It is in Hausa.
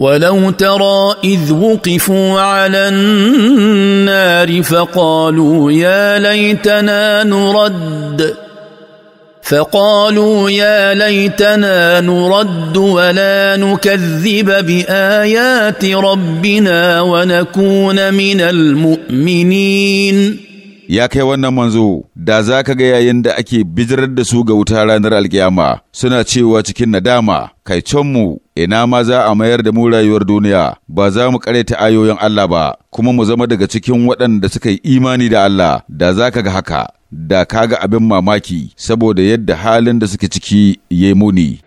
ولو ترى اذ وقفوا على النار فقالوا يا ليتنا نرد فقالوا يا ليتنا نرد ولا نكذب بايات ربنا ونكون من المؤمنين ya kai wannan manzo da za ka ga yayin da ake bijirar da su ga wuta ranar alkiyama suna cewa cikin nadama kai mu ina ma za a mayar da mu rayuwar duniya ba za mu ta ayoyin Allah ba kuma mu zama daga cikin waɗanda suka yi imani da Allah da za ka ga haka da ka ga abin mamaki saboda yadda halin da suke ciki ya muni.